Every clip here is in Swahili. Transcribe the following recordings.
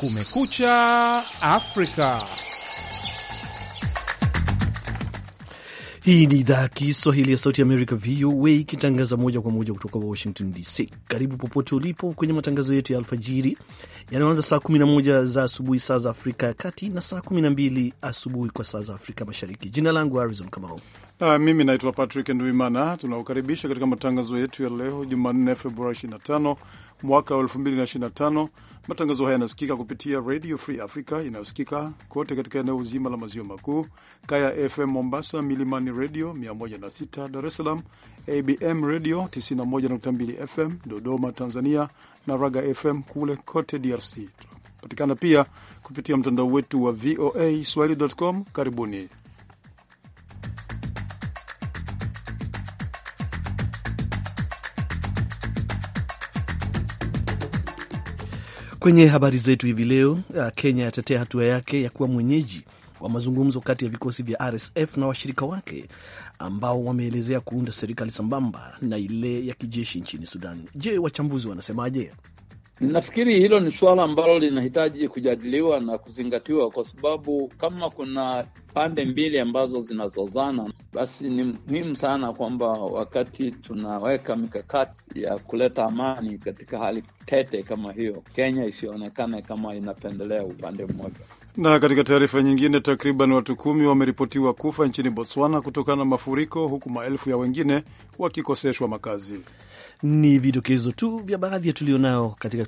Kumekucha Afrika. Hii ni idhaa ya Kiswahili ya Sauti Amerika, VOA, ikitangaza moja kwa moja kutoka Washington DC. Karibu popote ulipo kwenye matangazo yetu ya alfajiri yanayoanza saa 11 za asubuhi saa za Afrika ya Kati na saa 12 asubuhi kwa saa za Afrika Mashariki. Jina langu Harrison Kamau na ah, mimi naitwa Patrick Nduimana. Tunakukaribisha katika matangazo yetu ya leo Jumanne, Februari 25 mwaka wa 2025. Matangazo haya yanasikika kupitia Radio Free Africa inayosikika kote katika eneo zima la maziwa makuu, Kaya FM Mombasa, Milimani Radio 106 Dar es Salaam, ABM Radio 91.2 FM Dodoma, Tanzania, na Raga FM kule kote DRC. Tunapatikana pia kupitia mtandao wetu wa VOA swahili.com. Karibuni. Kwenye habari zetu hivi leo, uh, Kenya yatetea hatua yake ya kuwa mwenyeji wa mazungumzo kati ya vikosi vya RSF na washirika wake ambao wameelezea kuunda serikali sambamba na ile ya kijeshi nchini Sudan. Je, wachambuzi wanasemaje? Nafikiri hilo ni suala ambalo linahitaji kujadiliwa na kuzingatiwa, kwa sababu kama kuna pande mbili ambazo zinazozana, basi ni muhimu sana kwamba wakati tunaweka mikakati ya kuleta amani katika hali tete kama hiyo, Kenya isionekane kama inapendelea upande mmoja. Na katika taarifa nyingine, takriban watu kumi wameripotiwa kufa nchini Botswana kutokana na mafuriko, huku maelfu ya wengine wakikoseshwa makazi. Ni vidokezo tu vya baadhi ya tulionayo katika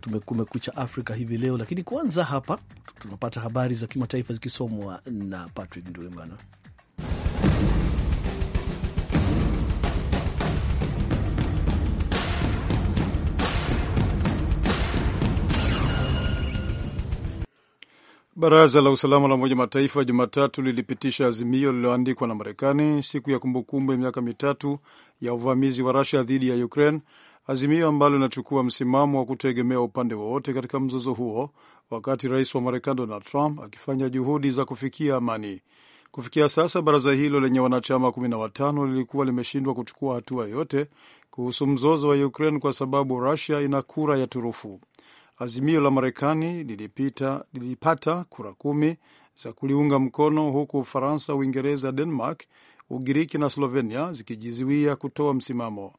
cha Afrika hivi leo, lakini kwanza hapa tunapata habari za kimataifa zikisomwa na Patrick Nduimana. Baraza la usalama la Umoja Mataifa Jumatatu lilipitisha azimio lililoandikwa na Marekani siku ya kumbukumbu ya miaka mitatu ya uvamizi wa Rusia dhidi ya Ukraine, azimio ambalo linachukua msimamo wa kutegemea upande wowote katika mzozo huo, wakati rais wa Marekani Donald Trump akifanya juhudi za kufikia amani. Kufikia sasa baraza hilo lenye wanachama 15 lilikuwa limeshindwa kuchukua hatua yoyote kuhusu mzozo wa Ukraine kwa sababu Rusia ina kura ya turufu. Azimio la Marekani lilipita, lilipata kura kumi za kuliunga mkono huku Ufaransa, Uingereza, Denmark, Ugiriki na Slovenia zikijizuia kutoa msimamo.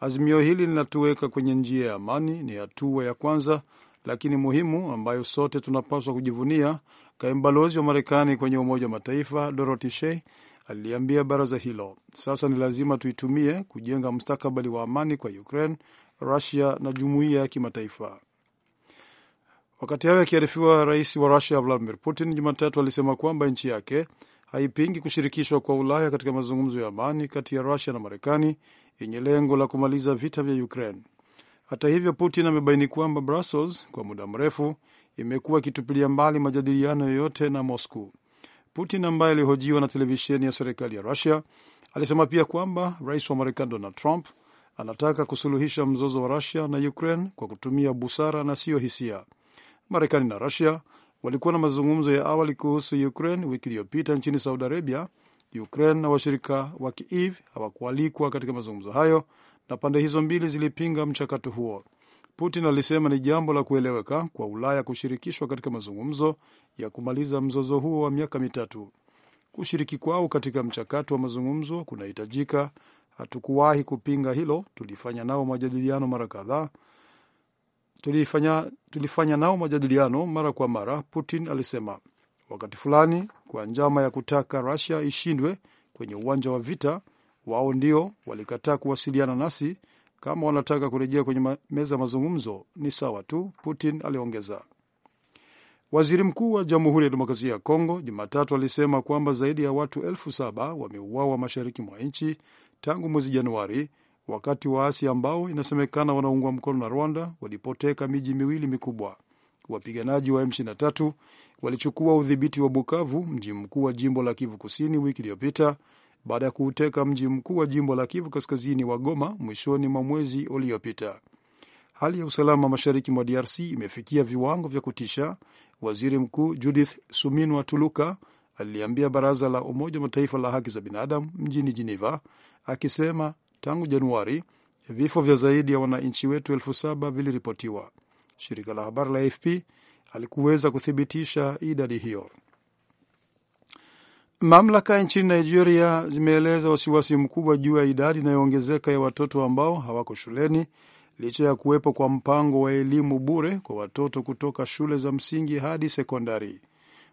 Azimio hili linatuweka kwenye njia ya amani, ni hatua ya kwanza lakini muhimu ambayo sote tunapaswa kujivunia, kaimu balozi wa Marekani kwenye Umoja wa Mataifa Dorothy Shea aliliambia baraza hilo. Sasa ni lazima tuitumie kujenga mustakabali wa amani kwa Ukraine, Rusia na jumuiya ya kimataifa. Wakati hayo akiarifiwa, rais wa Rusia Vladimir Putin Jumatatu alisema kwamba nchi yake haipingi kushirikishwa kwa Ulaya katika mazungumzo ya amani kati ya Rusia na Marekani yenye lengo la kumaliza vita vya Ukraine. Hata hivyo, Putin amebaini kwamba Brussels kwa muda mrefu imekuwa ikitupilia mbali majadiliano yoyote na Moscow. Putin ambaye alihojiwa na televisheni ya serikali ya Rusia alisema pia kwamba rais wa Marekani Donald Trump anataka kusuluhisha mzozo wa Rusia na Ukraine kwa kutumia busara na siyo hisia. Marekani na Rusia walikuwa na mazungumzo ya awali kuhusu Ukraine wiki iliyopita nchini Saudi Arabia. Ukraine na washirika wa Kiev hawakualikwa katika mazungumzo hayo, na pande hizo mbili zilipinga mchakato huo. Putin alisema ni jambo la kueleweka kwa Ulaya kushirikishwa katika mazungumzo ya kumaliza mzozo huo wa miaka mitatu. Kushiriki kwao katika mchakato wa mazungumzo kunahitajika. Hatukuwahi kupinga hilo, tulifanya nao majadiliano mara kadhaa, tulifanya, tulifanya nao majadiliano mara kwa mara, Putin alisema. Wakati fulani kwa njama ya kutaka rasia ishindwe kwenye uwanja wa vita, wao ndio walikataa kuwasiliana nasi. Kama wanataka kurejea kwenye meza ya mazungumzo ni sawa tu, Putin aliongeza. Waziri mkuu wa Jamhuri ya Demokrasia ya Kongo Jumatatu alisema kwamba zaidi ya watu elfu saba wameuawa mashariki mwa nchi tangu mwezi Januari, wakati waasi ambao inasemekana wanaungwa mkono na Rwanda walipoteka miji miwili mikubwa. Wapiganaji wa M23 walichukua udhibiti wa Bukavu, mji mkuu wa jimbo la Kivu Kusini, wiki iliyopita baada ya kuuteka mji mkuu wa jimbo la Kivu Kaskazini wa Goma mwishoni mwa mwezi uliopita. Hali ya usalama mashariki mwa DRC imefikia viwango vya kutisha, waziri mkuu Judith Suminwa Tuluka aliliambia baraza la Umoja wa Mataifa la haki za binadamu mjini Geneva, akisema Tangu Januari, vifo vya zaidi ya wananchi wetu elfu saba viliripotiwa. Shirika la habari la AFP alikuweza kuthibitisha idadi hiyo. Mamlaka nchini Nigeria zimeeleza wasiwasi mkubwa juu ya idadi inayoongezeka ya watoto ambao hawako shuleni licha ya kuwepo kwa mpango wa elimu bure kwa watoto kutoka shule za msingi hadi sekondari.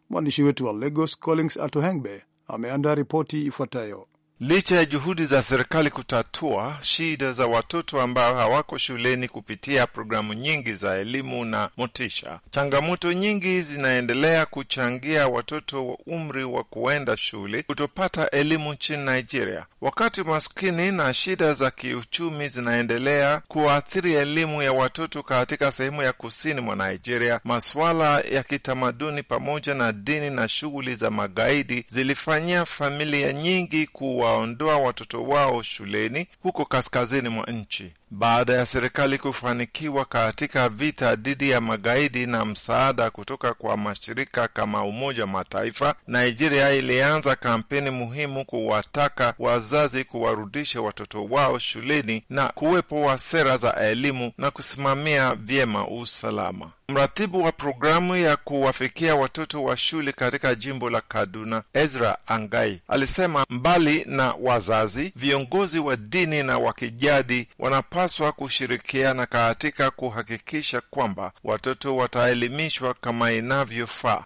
Mwandishi wetu wa Lagos, Collins Atohengbe, ameandaa ripoti ifuatayo. Licha ya juhudi za serikali kutatua shida za watoto ambao hawako shuleni kupitia programu nyingi za elimu na motisha, changamoto nyingi zinaendelea kuchangia watoto wa umri wa kuenda shule kutopata elimu nchini Nigeria, wakati maskini na shida za kiuchumi zinaendelea kuathiri elimu ya watoto katika sehemu ya kusini mwa Nigeria. Masuala ya kitamaduni pamoja na dini na shughuli za magaidi zilifanyia familia nyingi kuwa kuwaondoa watoto wao shuleni huko kaskazini mwa nchi baada ya serikali kufanikiwa katika vita dhidi ya magaidi na msaada kutoka kwa mashirika kama Umoja wa Mataifa, Nigeria ilianza kampeni muhimu kuwataka wazazi kuwarudisha watoto wao shuleni na kuwepo wa sera za elimu na kusimamia vyema usalama. Mratibu wa programu ya kuwafikia watoto wa shule katika jimbo la Kaduna, Ezra Angai, alisema mbali na wazazi, viongozi wa dini na wakijadi wanapa wanapaswa kushirikiana katika kuhakikisha kwamba watoto wataelimishwa kama inavyofaa.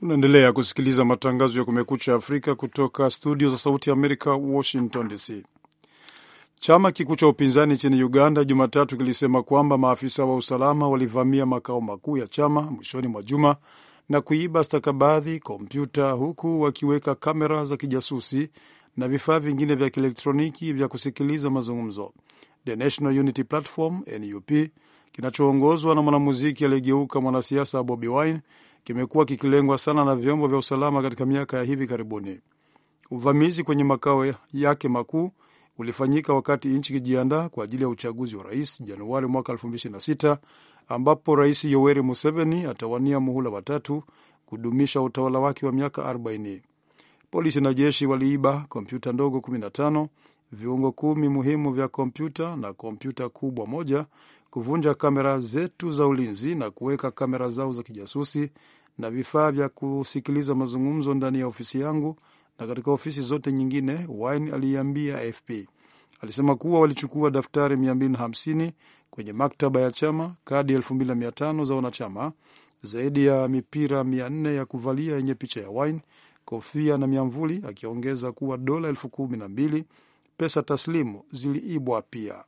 Unaendelea kusikiliza matangazo ya Kumekucha Afrika kutoka studio za Sauti ya Amerika, Washington DC. Chama kikuu cha upinzani nchini Uganda Jumatatu kilisema kwamba maafisa wa usalama walivamia makao makuu ya chama mwishoni mwa juma na kuiba stakabadhi, kompyuta, huku wakiweka kamera za kijasusi na vifaa vingine vya kielektroniki vya kusikiliza mazungumzo. The National Unity Platform NUP kinachoongozwa na mwanamuziki aliyegeuka mwanasiasa Bobi Wine kimekuwa kikilengwa sana na vyombo vya usalama katika miaka ya hivi karibuni. Uvamizi kwenye makao yake makuu ulifanyika wakati nchi ikijiandaa kwa ajili ya uchaguzi wa rais Januari mwaka 2026 ambapo Rais Yoweri Museveni atawania muhula watatu kudumisha utawala wake wa miaka 40. Polisi na jeshi waliiba kompyuta ndogo 15 viungo kumi muhimu vya kompyuta na kompyuta kubwa moja, kuvunja kamera zetu za ulinzi na kuweka kamera zao za kijasusi na vifaa vya kusikiliza mazungumzo ndani ya ofisi yangu na katika ofisi zote nyingine, Wine aliiambia AFP. Alisema kuwa walichukua daftari 250 kwenye maktaba ya chama, kadi 2500 za wanachama, zaidi ya mipira 400 ya kuvalia yenye picha ya Wine, kofia na miamvuli, akiongeza kuwa dola elfu kumi na mbili Pesa taslimu ziliibwa pia.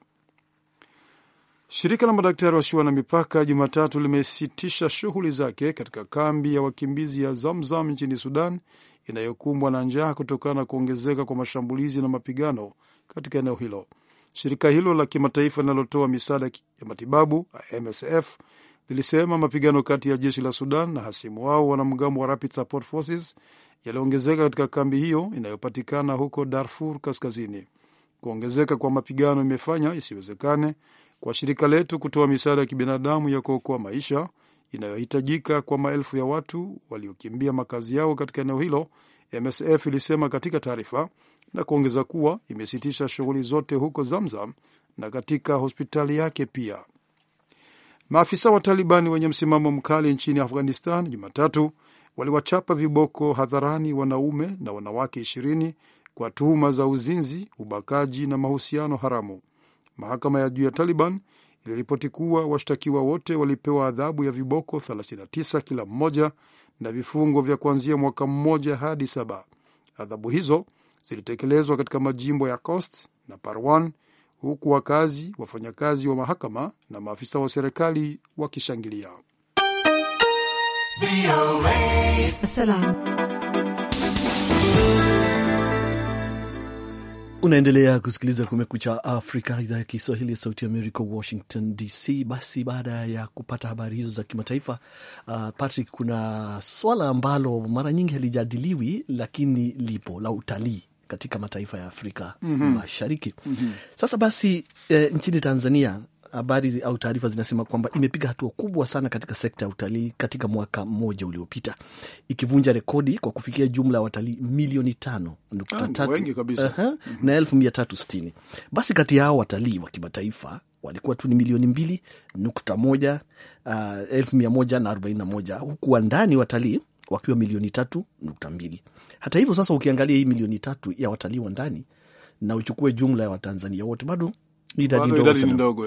Shirika la madaktari wasio na mipaka Jumatatu limesitisha shughuli zake katika kambi ya wakimbizi ya Zamzam nchini Sudan inayokumbwa na njaa kutokana na kuongezeka kwa mashambulizi na mapigano katika eneo hilo. Shirika hilo la kimataifa linalotoa misaada ya matibabu MSF lilisema mapigano kati ya jeshi la Sudan na hasimu wao wanamgambo wa Rapid Support Forces yaliongezeka katika kambi hiyo inayopatikana huko Darfur Kaskazini. Kuongezeka kwa mapigano imefanya isiwezekane kwa shirika letu kutoa misaada ya kibinadamu ya kuokoa maisha inayohitajika kwa maelfu ya watu waliokimbia makazi yao katika eneo hilo, MSF ilisema katika taarifa, na kuongeza kuwa imesitisha shughuli zote huko Zamzam na katika hospitali yake pia. Maafisa wa Talibani wenye msimamo mkali nchini Afghanistan Jumatatu waliwachapa viboko hadharani wanaume na wanawake ishirini kwa tuhuma za uzinzi, ubakaji na mahusiano haramu. Mahakama ya juu ya Taliban iliripoti kuwa washtakiwa wote walipewa adhabu ya viboko 39 kila mmoja na vifungo vya kuanzia mwaka mmoja hadi saba. Adhabu hizo zilitekelezwa katika majimbo ya Khost na Parwan, huku wakazi, wafanyakazi wa mahakama na maafisa wa serikali wakishangilia. Unaendelea kusikiliza Kumekucha Afrika, idhaa ya Kiswahili ya Sauti ya Amerika, Washington DC. Basi baada ya kupata habari hizo za kimataifa, uh, Patrick, kuna swala ambalo mara nyingi halijadiliwi lakini lipo la utalii katika mataifa ya Afrika mm -hmm. Mashariki mm -hmm. Sasa basi, e, nchini Tanzania habari au taarifa zinasema kwamba imepiga hatua kubwa sana katika sekta ya utalii katika mwaka mmoja uliopita, ikivunja rekodi kwa kufikia jumla ya watalii milioni tano nukta ah, tatu Uh -huh, na elfu mia tatu sitini. Basi kati yao watalii wa kimataifa walikuwa tu ni milioni mbili nukta moja uh, elfu mia moja na arobaini na moja huku wa ndani watalii wakiwa milioni tatu nukta mbili. Hata hivyo sasa, ukiangalia hii milioni tatu ya watalii wa ndani na uchukue jumla ya Watanzania wote bado idadi ndogo.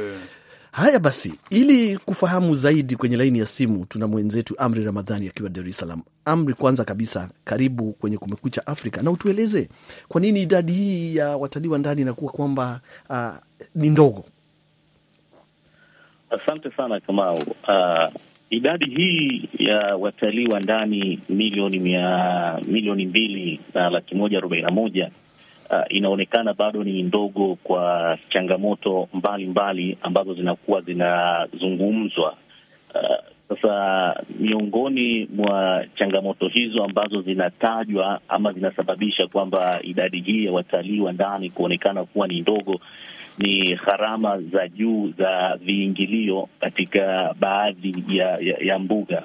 Haya basi, ili kufahamu zaidi, kwenye laini ya simu tuna mwenzetu Amri Ramadhani akiwa Dar es Salaam. Amri, kwanza kabisa, karibu kwenye Kumekucha Afrika na utueleze kwa nini idadi hii ya watalii wa ndani inakuwa kwamba uh, ni ndogo. Asante sana Kamau. Uh, idadi hii ya watalii wa ndani milioni mia milioni mbili na laki moja arobaini na moja uh, inaonekana bado ni ndogo kwa changamoto mbalimbali ambazo zinakuwa zinazungumzwa. Uh, sasa miongoni mwa changamoto hizo ambazo zinatajwa ama zinasababisha kwamba idadi hii ya watalii wa ndani kuonekana kuwa ni ndogo ni gharama za juu za viingilio katika baadhi ya, ya, ya mbuga.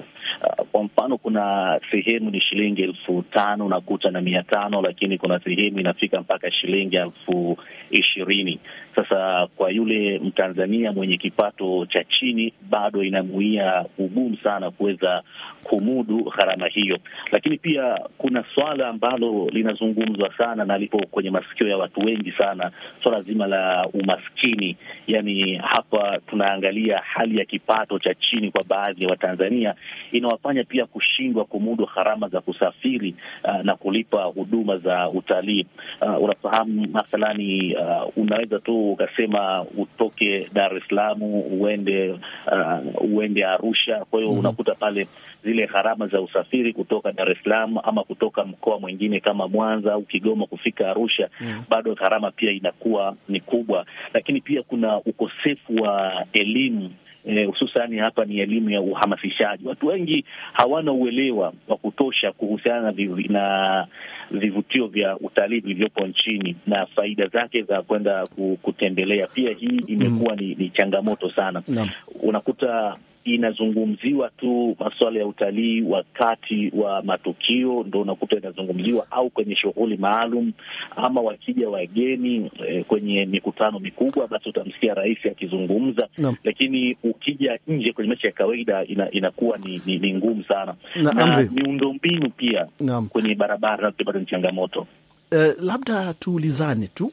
Uh, kwa mfano kuna sehemu ni shilingi elfu tano unakuta na mia tano lakini kuna sehemu inafika mpaka shilingi elfu ishirini. Sasa yule Mtanzania mwenye kipato cha chini bado inamuia ugumu sana kuweza kumudu gharama hiyo. Lakini pia kuna swala ambalo linazungumzwa sana na lipo kwenye masikio ya watu wengi sana, swala zima la umaskini. Yani hapa tunaangalia hali ya kipato cha chini kwa baadhi ya Watanzania inawafanya pia kushindwa kumudu gharama za kusafiri uh, na kulipa huduma za utalii. Uh, unafahamu mathalani, uh, unaweza tu ukasema utoke Dar es Salaam uende uh, uende Arusha. Kwa hiyo mm -hmm. unakuta pale zile gharama za usafiri kutoka Dar es Salaam ama kutoka mkoa mwingine kama Mwanza au Kigoma kufika Arusha mm -hmm. bado gharama pia inakuwa ni kubwa, lakini pia kuna ukosefu wa elimu Eh, hususani eh, hapa ni elimu ya uhamasishaji. Watu wengi hawana uelewa wa kutosha kuhusiana na, viv, na vivutio vya utalii vilivyopo nchini na faida zake za kwenda kutembelea. Pia hii imekuwa mm. ni, ni changamoto sana no. unakuta inazungumziwa tu masuala ya utalii wakati wa matukio, ndo unakuta inazungumziwa au kwenye shughuli maalum, ama wakija wageni e, kwenye mikutano mikubwa, basi utamsikia rais akizungumza no. Lakini ukija nje kwenye maisha ya kawaida ina, inakuwa ni, ni, ni ngumu sana na, na miundombinu pia no. kwenye barabara bado ni changamoto Uh, labda tuulizane tu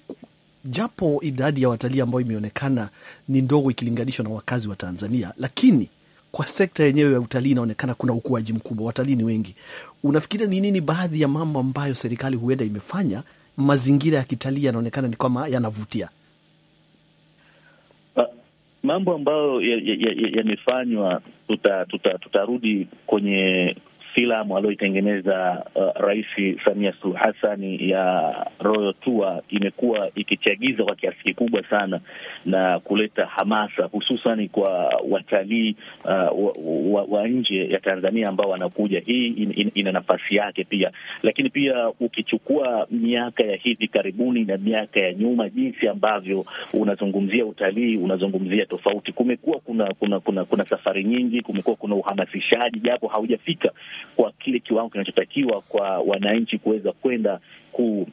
japo idadi ya watalii ambayo imeonekana ni ndogo ikilinganishwa na wakazi wa Tanzania, lakini kwa sekta yenyewe ya utalii inaonekana kuna ukuaji mkubwa, watalii ni wengi. unafikiria ni nini baadhi ya mambo ambayo serikali huenda imefanya, mazingira ya kitalii yanaonekana ni kama yanavutia? Ah, mambo ambayo yamefanywa ya, ya, ya tutarudi tuta, tuta kwenye filamu aliyoitengeneza uh, Rais Samia Suluhu Hassan ya Royal Tour imekuwa ikichagiza kwa kiasi kikubwa sana na kuleta hamasa hususani kwa watalii uh, wa, wa, wa nje ya Tanzania ambao wanakuja. Hii in, in, ina nafasi yake pia, lakini pia ukichukua miaka ya hivi karibuni na miaka ya nyuma, jinsi ambavyo unazungumzia utalii, unazungumzia tofauti. Kumekuwa kuna kuna kuna, kuna safari nyingi, kumekuwa kuna uhamasishaji, japo haujafika kwa kile kiwango kinachotakiwa kwa wananchi kuweza kwenda ku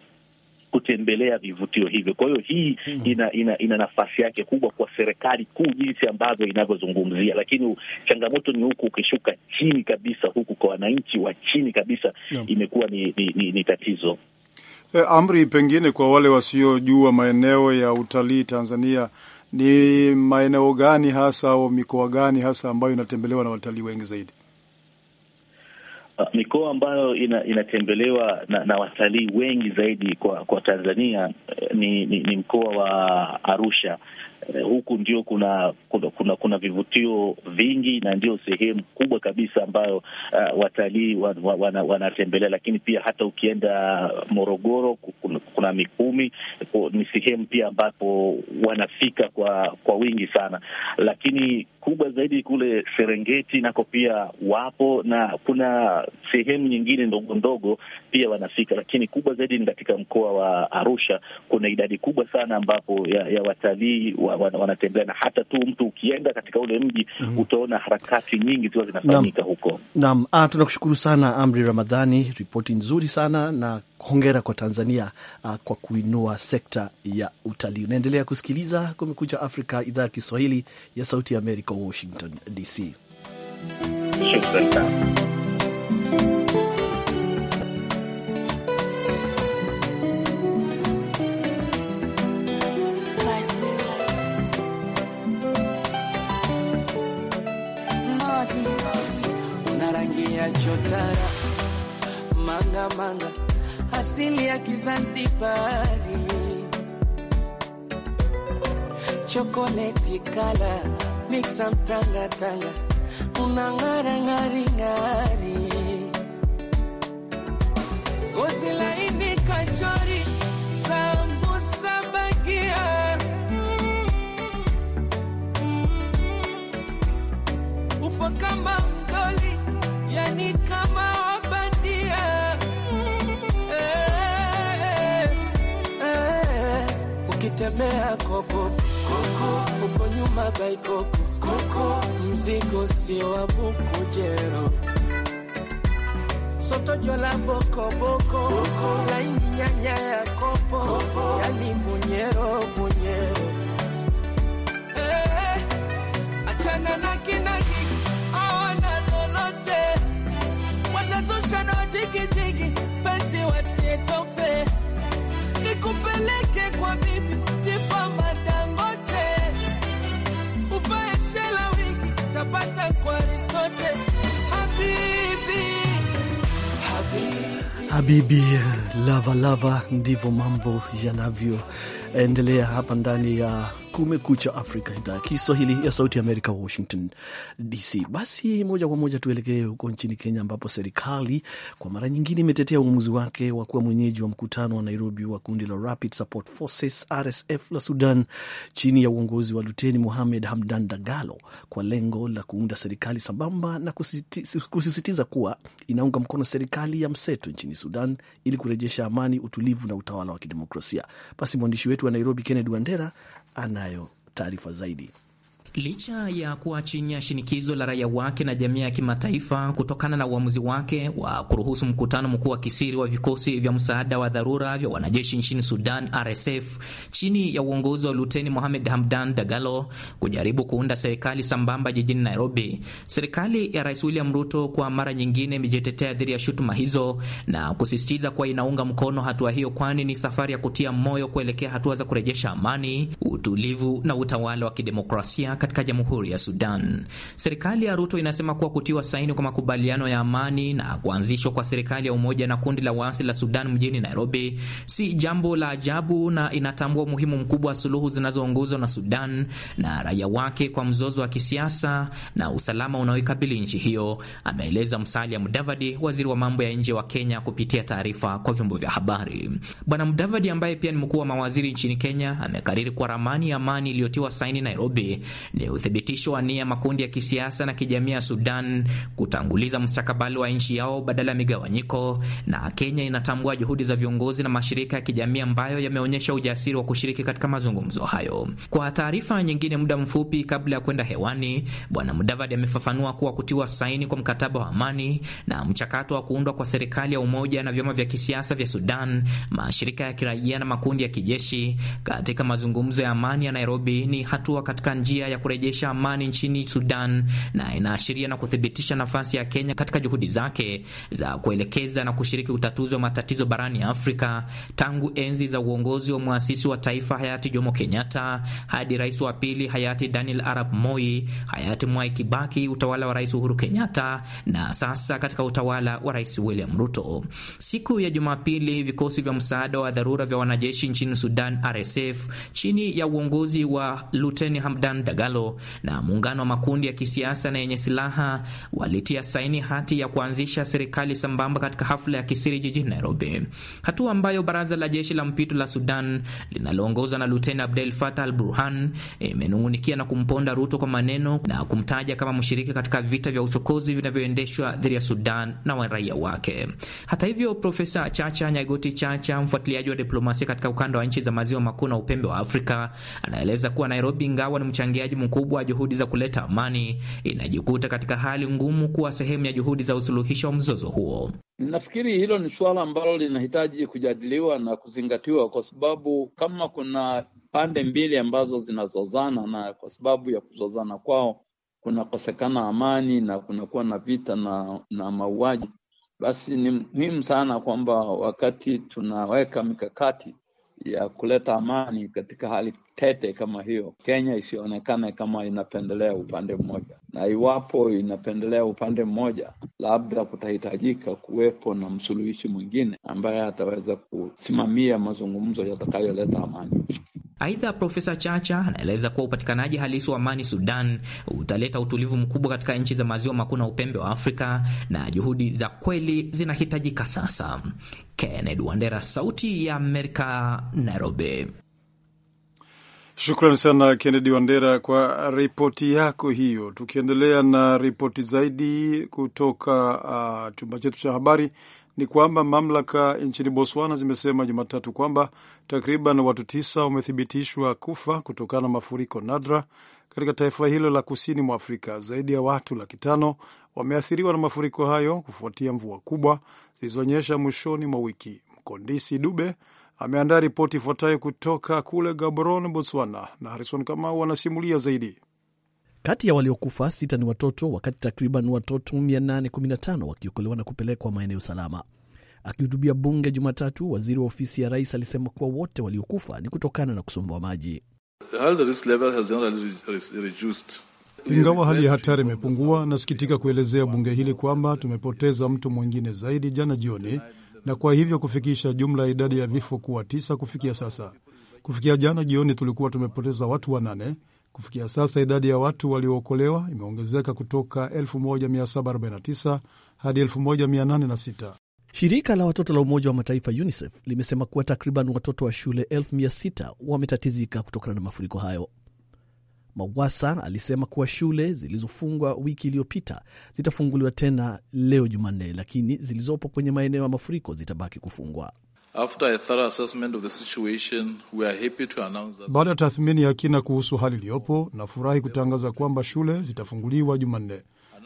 kutembelea vivutio hivyo. Kwa hiyo hii hmm. ina, ina, ina nafasi yake kubwa kwa serikali kuu jinsi ambavyo inavyozungumzia, lakini changamoto ni huku ukishuka chini kabisa, huku kwa wananchi wa chini kabisa yeah, imekuwa ni, ni, ni, ni tatizo. E, Amri, pengine kwa wale wasiojua maeneo ya utalii Tanzania ni maeneo gani hasa au mikoa gani hasa ambayo inatembelewa na watalii wengi zaidi? Uh, mikoa ambayo ina, inatembelewa na, na watalii wengi zaidi kwa kwa Tanzania eh, ni, ni, ni mkoa wa Arusha. Eh, huku ndio kuna kuna, kuna, kuna vivutio vingi na ndio sehemu kubwa kabisa ambayo uh, watalii wanatembelea wana, wana, lakini pia hata ukienda Morogoro kuna, kuna Mikumi ni sehemu pia ambapo wanafika kwa kwa wingi sana, lakini kubwa zaidi kule Serengeti nako pia wapo, na kuna sehemu nyingine ndogo ndogo pia wanafika, lakini kubwa zaidi ni katika mkoa wa Arusha. Kuna idadi kubwa sana ambapo ya, ya watalii wa, wa, wanatembea na hata tu mtu ukienda katika ule mji mm -hmm. utaona harakati nyingi ziwa zinafanyika huko. Naam, ah, tunakushukuru sana Amri Ramadhani, ripoti nzuri sana na hongera kwa Tanzania a, ah, kwa kuinua sekta ya utalii. Unaendelea kusikiliza Kumekucha Afrika, idhaa ya Kiswahili ya Sauti ya Amerika, Washington DC. Shukrani sana. Chotara manga manga, asili ya Kizanzibari, chokoleti kala Mixam tanga una unang'ara ng'ari ng'ari, gozi laini kachori, sambusa bagia, upo kama mdoli, yani kama ukitemea koko uko nyuma bai koko, mzigo sio wa jero soto jwala bokoboko laini nyanya ya kopo koko, yani munyero munyero eh, achana na kinaki aona lolote watazusha na jigijigi basi watetop nikupeleke kwa bibi Madangote, uvae shela tapata kwa Habibi, habibi, habibi lava lava, ndivyo mambo yanavyoendelea hapa ndani ya Kumekucha Afrika, idhaa ya Kiswahili ya Sauti ya Amerika, Washington DC. Basi moja kwa moja tuelekee huko nchini Kenya, ambapo serikali kwa mara nyingine imetetea uamuzi wake wa kuwa mwenyeji wa mkutano wa Nairobi wa kundi la Rapid Support Forces RSF la Sudan chini ya uongozi wa Luteni Mohamed Hamdan Dagalo kwa lengo la kuunda serikali sambamba na kusisitiza kuwa inaunga mkono serikali ya mseto nchini Sudan ili kurejesha amani, utulivu na utawala wa kidemokrasia. Basi mwandishi wetu wa Nairobi Kennedy Wandera anayo taarifa zaidi. Licha ya kuwa chini ya shinikizo la raia wake na jamii ya kimataifa kutokana na uamuzi wake wa kuruhusu mkutano mkuu wa kisiri wa vikosi vya msaada wa dharura vya wanajeshi nchini Sudan RSF chini ya uongozi wa Luteni Mohamed Hamdan Dagalo kujaribu kuunda serikali sambamba jijini Nairobi, serikali ya Rais William Ruto kwa mara nyingine imejitetea dhidi ya shutuma hizo na kusisitiza kuwa inaunga mkono hatua hiyo, kwani ni safari ya kutia moyo kuelekea hatua za kurejesha amani, utulivu na utawala wa kidemokrasia katika jamhuri ya Sudan. Serikali ya Ruto inasema kuwa kutiwa saini kwa makubaliano ya amani na kuanzishwa kwa serikali ya umoja na kundi la waasi la Sudan mjini Nairobi si jambo la ajabu na inatambua umuhimu mkubwa wa suluhu zinazoongozwa na Sudan na raia wake kwa mzozo wa kisiasa na usalama unaoikabili nchi hiyo, ameeleza Musalia Mudavadi, waziri wa mambo ya nje wa Kenya, kupitia taarifa kwa vyombo vya habari. Bwana Mudavadi ambaye pia ni mkuu wa mawaziri nchini Kenya amekariri kwa ramani ya amani iliyotiwa saini Nairobi ni uthibitisho wa nia makundi ya kisiasa na kijamii ya Sudan kutanguliza mustakabali wa nchi yao badala ya migawanyiko, na Kenya inatambua juhudi za viongozi na mashirika ya kijamii ambayo yameonyesha ujasiri wa kushiriki katika mazungumzo hayo. Kwa taarifa nyingine, muda mfupi kabla ya kwenda hewani, Bwana Mudavadi amefafanua kuwa kutiwa saini kwa mkataba wa amani na mchakato wa kuundwa kwa serikali ya umoja na vyama vya kisiasa vya Sudan, mashirika ya kiraia na makundi ya kijeshi katika mazungumzo ya amani ya Nairobi ni hatua katika njia ya kurejesha amani nchini Sudan na inaashiria na kuthibitisha nafasi ya Kenya katika juhudi zake za kuelekeza na kushiriki utatuzi wa matatizo barani Afrika tangu enzi za uongozi wa mwasisi wa taifa hayati Jomo Kenyatta hadi rais wa pili hayati Daniel Arap Moi, hayati Mwai Kibaki, utawala wa Rais Uhuru Kenyatta na sasa katika utawala wa Rais William Ruto. Siku ya Jumapili, vikosi vya msaada wa dharura vya wanajeshi nchini Sudan, RSF, chini ya uongozi wa Luteni Hamdan Dagalo Kalo na muungano wa makundi ya kisiasa na yenye silaha walitia saini hati ya kuanzisha serikali sambamba katika hafla ya kisiri jijini Nairobi, hatua ambayo baraza la jeshi la mpito la Sudan linaloongozwa na Luteni Abdel Fattah al Burhan imenung'unikia na kumponda Ruto kwa maneno na kumtaja kama mshiriki katika vita vya uchokozi vinavyoendeshwa dhidi ya Sudan na raia wake. Hata hivyo, Profesa Chacha Nyagoti Chacha, mfuatiliaji wa diplomasia katika ukanda wa nchi za maziwa makuu na upembe wa Afrika, anaeleza kuwa Nairobi, ingawa ni mchangiaji utekelezaji mkubwa wa juhudi za kuleta amani inajikuta katika hali ngumu kuwa sehemu ya juhudi za usuluhisho wa mzozo huo. Ninafikiri hilo ni suala ambalo linahitaji kujadiliwa na kuzingatiwa, kwa sababu kama kuna pande mbili ambazo zinazozana, na kwa sababu ya kuzozana kwao kunakosekana amani na kunakuwa na vita na, na mauaji, basi ni muhimu sana kwamba wakati tunaweka mikakati ya kuleta amani katika hali tete kama hiyo, Kenya isionekane kama inapendelea upande mmoja, na iwapo inapendelea upande mmoja, labda kutahitajika kuwepo na msuluhishi mwingine ambaye ataweza kusimamia mazungumzo yatakayoleta amani. Aidha, Profesa Chacha anaeleza kuwa upatikanaji halisi wa amani Sudan utaleta utulivu mkubwa katika nchi za maziwa makuu na upembe wa Afrika, na juhudi za kweli zinahitajika sasa. Kennedy Wandera, Sauti ya Amerika, Nairobi. Shukrani sana Kennedy Wandera kwa ripoti yako hiyo. Tukiendelea na ripoti zaidi kutoka uh, chumba chetu cha habari, ni kwamba mamlaka nchini Botswana zimesema Jumatatu kwamba takriban watu tisa wamethibitishwa kufa kutokana na mafuriko nadra katika taifa hilo la kusini mwa Afrika. Zaidi ya watu laki tano wameathiriwa na mafuriko hayo kufuatia mvua kubwa zilizoonyesha mwishoni mwa wiki. Mkondisi Dube ameandaa ripoti ifuatayo kutoka kule Gaborone, Botswana, na Harison Kamau anasimulia zaidi. Kati ya waliokufa sita ni watoto, wakati takriban watoto 815 wakiokolewa na kupelekwa maeneo salama. Akihutubia bunge Jumatatu, waziri wa ofisi ya rais alisema kuwa wote waliokufa ni kutokana na kusombwa maji. Ingawa hali ya hatari imepungua, nasikitika kuelezea bunge hili kwamba tumepoteza mtu mwingine zaidi jana jioni, na kwa hivyo kufikisha jumla ya idadi ya vifo kuwa tisa kufikia sasa. Kufikia jana jioni, tulikuwa tumepoteza watu wanane Kufikia sasa idadi ya watu waliookolewa imeongezeka kutoka 1749 hadi 1806. Shirika la watoto la Umoja wa Mataifa UNICEF limesema kuwa takriban watoto wa shule 6 wametatizika kutokana na mafuriko hayo. Mawasa alisema kuwa shule zilizofungwa wiki iliyopita zitafunguliwa tena leo Jumanne, lakini zilizopo kwenye maeneo ya mafuriko zitabaki kufungwa. Baada ya tathmini ya kina kuhusu hali iliyopo, nafurahi kutangaza kwamba shule zitafunguliwa Jumanne.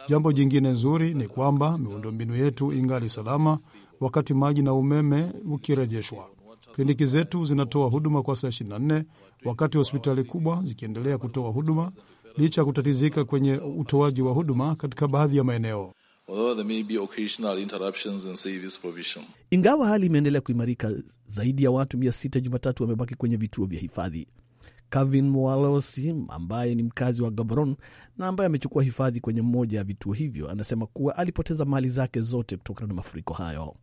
Jambo jingine nzuri ni kwamba miundombinu yetu ingali salama wakati maji na umeme ukirejeshwa. Kliniki zetu zinatoa huduma kwa saa 24 wakati hospitali kubwa zikiendelea kutoa huduma licha ya kutatizika kwenye utoaji wa huduma katika baadhi ya maeneo although there may be occasional interruptions in service provision. Ingawa hali imeendelea kuimarika, zaidi ya watu mia sita Jumatatu wamebaki kwenye vituo vya hifadhi. Kevin Mwalosi ambaye ni mkazi wa Gabron na ambaye amechukua hifadhi kwenye mmoja ya vituo hivyo anasema kuwa alipoteza mali zake zote kutokana na mafuriko hayo.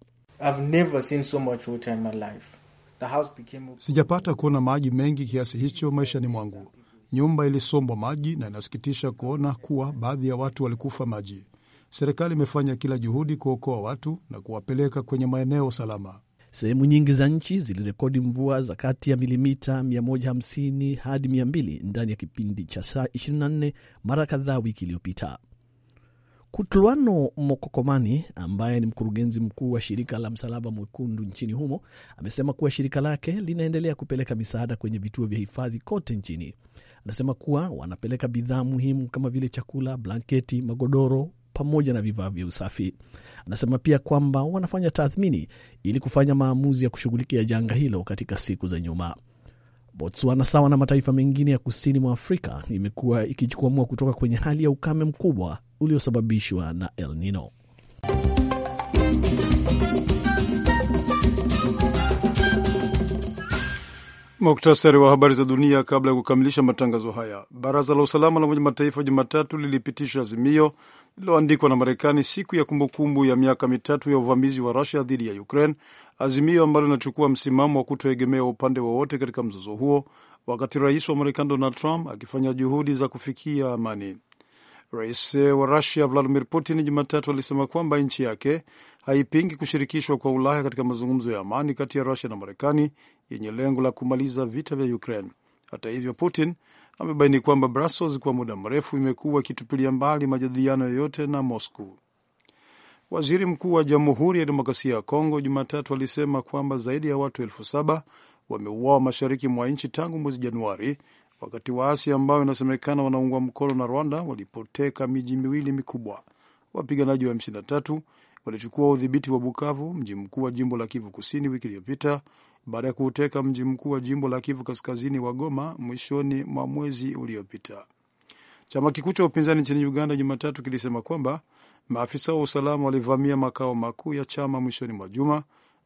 Sijapata kuona maji mengi kiasi hicho maishani mwangu. Nyumba ilisombwa maji na inasikitisha kuona kuwa baadhi ya watu walikufa maji serikali imefanya kila juhudi kuokoa watu na kuwapeleka kwenye maeneo salama. Sehemu nyingi za nchi zilirekodi mvua za kati ya milimita 150 hadi 200 ndani ya kipindi cha saa 24 mara kadhaa wiki iliyopita. Kutlwano Mokokomani ambaye ni mkurugenzi mkuu wa shirika la Msalaba Mwekundu nchini humo amesema kuwa shirika lake linaendelea kupeleka misaada kwenye vituo vya hifadhi kote nchini. Anasema kuwa wanapeleka bidhaa muhimu kama vile chakula, blanketi, magodoro, pamoja na vifaa vya usafi. Anasema pia kwamba wanafanya tathmini ili kufanya maamuzi ya kushughulikia janga hilo katika siku za nyuma. Botswana sawa na mataifa mengine ya kusini mwa Afrika imekuwa ikijikwamua kutoka kwenye hali ya ukame mkubwa uliosababishwa na El Nino. Muktasari wa habari za dunia kabla ya kukamilisha matangazo haya. Baraza la usalama la Umoja Mataifa Jumatatu lilipitisha azimio lililoandikwa na Marekani siku ya kumbukumbu ya miaka mitatu ya uvamizi wa Rusia dhidi ya Ukraine, azimio ambalo linachukua msimamo wa kutoegemea upande wowote katika mzozo huo, wakati rais wa Marekani Donald Trump akifanya juhudi za kufikia amani. Rais wa Rusia Vladimir Putin Jumatatu alisema kwamba nchi yake haipingi kushirikishwa kwa Ulaya katika mazungumzo ya amani kati ya Rusia na Marekani yenye lengo la kumaliza vita vya Ukraine. Hata hivyo, Putin amebaini kwamba Brussels kwa muda mrefu imekuwa ikitupilia mbali majadiliano yoyote na Moscow. Waziri mkuu wa Jamhuri ya Demokrasia ya Kongo Jumatatu alisema kwamba zaidi ya watu elfu saba wameuawa mashariki mwa nchi tangu mwezi Januari, wakati waasi ambao inasemekana wanaungwa mkono na Rwanda walipoteka miji miwili mikubwa. Wapiganaji wa M23 walichukua udhibiti wa Bukavu, mji mkuu wa jimbo la Kivu Kusini, wiki iliyopita baada ya kuuteka mji mkuu wa jimbo la Kivu Kaskazini wa Goma mwishoni mwa mwezi uliopita. Chama kikuu cha upinzani nchini Uganda Jumatatu kilisema kwamba maafisa wa usalama walivamia makao makuu ya chama mwishoni mwa juma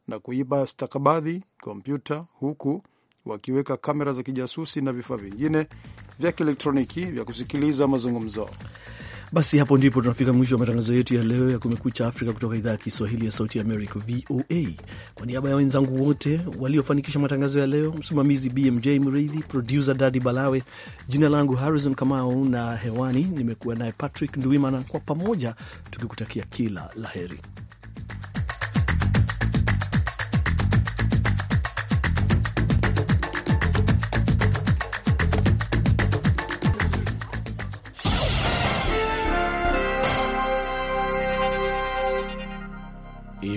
na kuiba stakabadhi, kompyuta, huku wakiweka kamera za kijasusi na vifaa vingine vya kielektroniki vya kusikiliza mazungumzo. Basi hapo ndipo tunafika mwisho wa matangazo yetu ya leo ya Kumekucha Afrika kutoka idhaa ya Kiswahili ya Sauti America, Amerika, VOA. Kwa niaba ya wenzangu wote waliofanikisha matangazo ya leo, msimamizi BMJ Mridhi, produsa Dadi Balawe, jina langu Harrison Kamau na hewani nimekuwa naye Patrick Ndwimana, kwa pamoja tukikutakia kila la heri.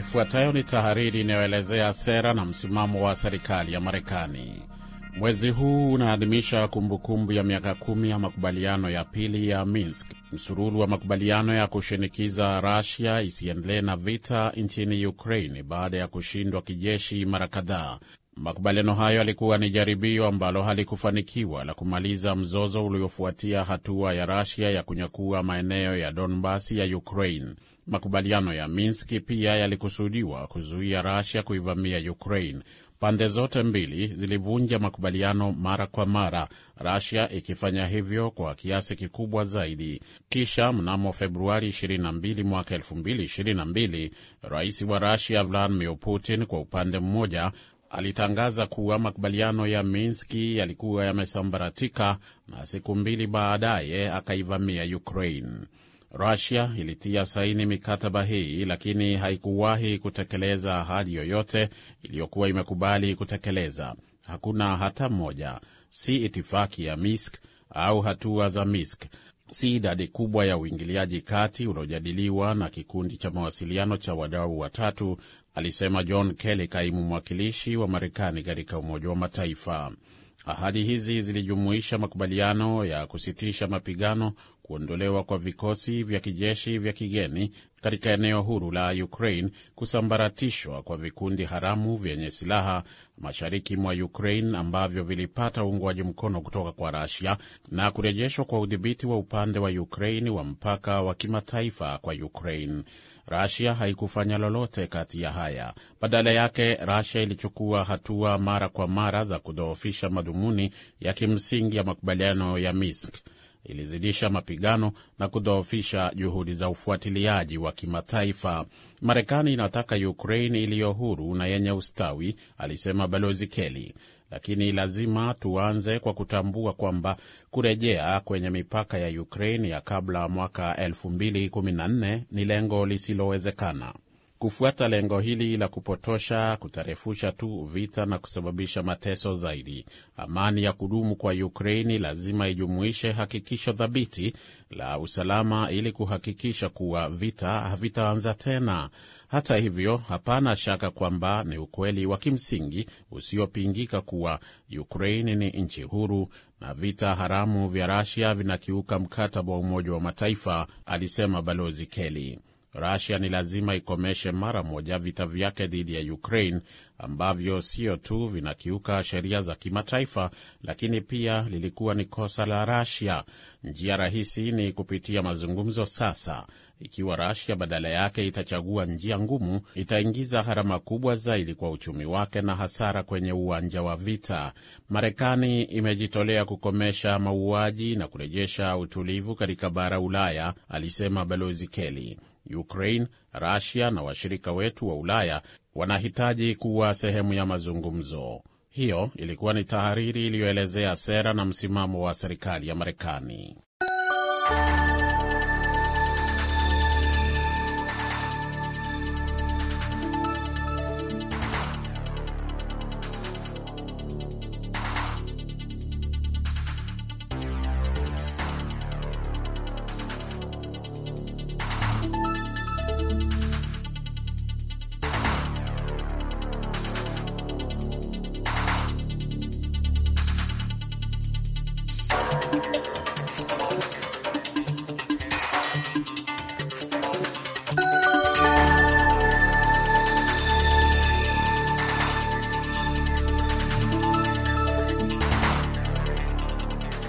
Ifuatayo ni tahariri inayoelezea sera na msimamo wa serikali ya Marekani. Mwezi huu unaadhimisha kumbukumbu ya miaka kumi ya makubaliano ya pili ya Minsk, msururu wa makubaliano ya kushinikiza rasia isiendelee na vita nchini Ukraine baada ya kushindwa kijeshi mara kadhaa Makubaliano hayo yalikuwa ni jaribio ambalo halikufanikiwa la kumaliza mzozo uliofuatia hatua ya Rasia ya kunyakua maeneo ya donbas ya Ukraine. Makubaliano ya Minski pia yalikusudiwa kuzuia Rasia kuivamia Ukraine. Pande zote mbili zilivunja makubaliano mara kwa mara, Rasia ikifanya hivyo kwa kiasi kikubwa zaidi. Kisha mnamo Februari 22 mwaka 2022, rais wa Rasia Vladimir Putin kwa upande mmoja alitangaza kuwa makubaliano ya Minski yalikuwa yamesambaratika na siku mbili baadaye akaivamia Ukraine. Rusia ilitia saini mikataba hii lakini haikuwahi kutekeleza ahadi yoyote iliyokuwa imekubali kutekeleza. Hakuna hata moja, si itifaki ya Minsk au hatua za Minsk, si idadi kubwa ya uingiliaji kati unaojadiliwa na kikundi cha mawasiliano cha wadau watatu alisema John Kelly, kaimu mwakilishi wa Marekani katika Umoja wa Mataifa. Ahadi hizi zilijumuisha makubaliano ya kusitisha mapigano, kuondolewa kwa vikosi vya kijeshi vya kigeni katika eneo huru la Ukraine, kusambaratishwa kwa vikundi haramu vyenye silaha mashariki mwa Ukraine ambavyo vilipata uungwaji mkono kutoka kwa Russia na kurejeshwa kwa udhibiti wa upande wa Ukraine wa mpaka wa kimataifa kwa Ukraine. Rasia haikufanya lolote kati ya haya. Badala yake, Rasia ilichukua hatua mara kwa mara za kudhoofisha madhumuni ya kimsingi ya makubaliano ya Minsk. Ilizidisha mapigano na kudhoofisha juhudi za ufuatiliaji wa kimataifa. Marekani inataka ukrain iliyo huru na yenye ustawi, alisema Balozi Keli lakini lazima tuanze kwa kutambua kwamba kurejea kwenye mipaka ya Ukraine ya kabla mwaka 2014 ni lengo lisilowezekana. Kufuata lengo hili la kupotosha kutarefusha tu vita na kusababisha mateso zaidi. Amani ya kudumu kwa Ukraini lazima ijumuishe hakikisho thabiti la usalama ili kuhakikisha kuwa vita havitaanza tena. Hata hivyo, hapana shaka kwamba ni ukweli wa kimsingi usiopingika kuwa Ukraini ni nchi huru na vita haramu vya Rasia vinakiuka mkataba wa Umoja wa Mataifa, alisema Balozi Kelly. Rusia ni lazima ikomeshe mara moja vita vyake dhidi ya Ukraine ambavyo sio tu vinakiuka sheria za kimataifa, lakini pia lilikuwa ni kosa la Rusia. Njia rahisi ni kupitia mazungumzo sasa ikiwa rasia badala yake itachagua njia ngumu, itaingiza gharama kubwa zaidi kwa uchumi wake na hasara kwenye uwanja wa vita. Marekani imejitolea kukomesha mauaji na kurejesha utulivu katika bara Ulaya, alisema Balozi Kelly. Ukraine, Rasia na washirika wetu wa Ulaya wanahitaji kuwa sehemu ya mazungumzo. Hiyo ilikuwa ni tahariri iliyoelezea sera na msimamo wa serikali ya Marekani.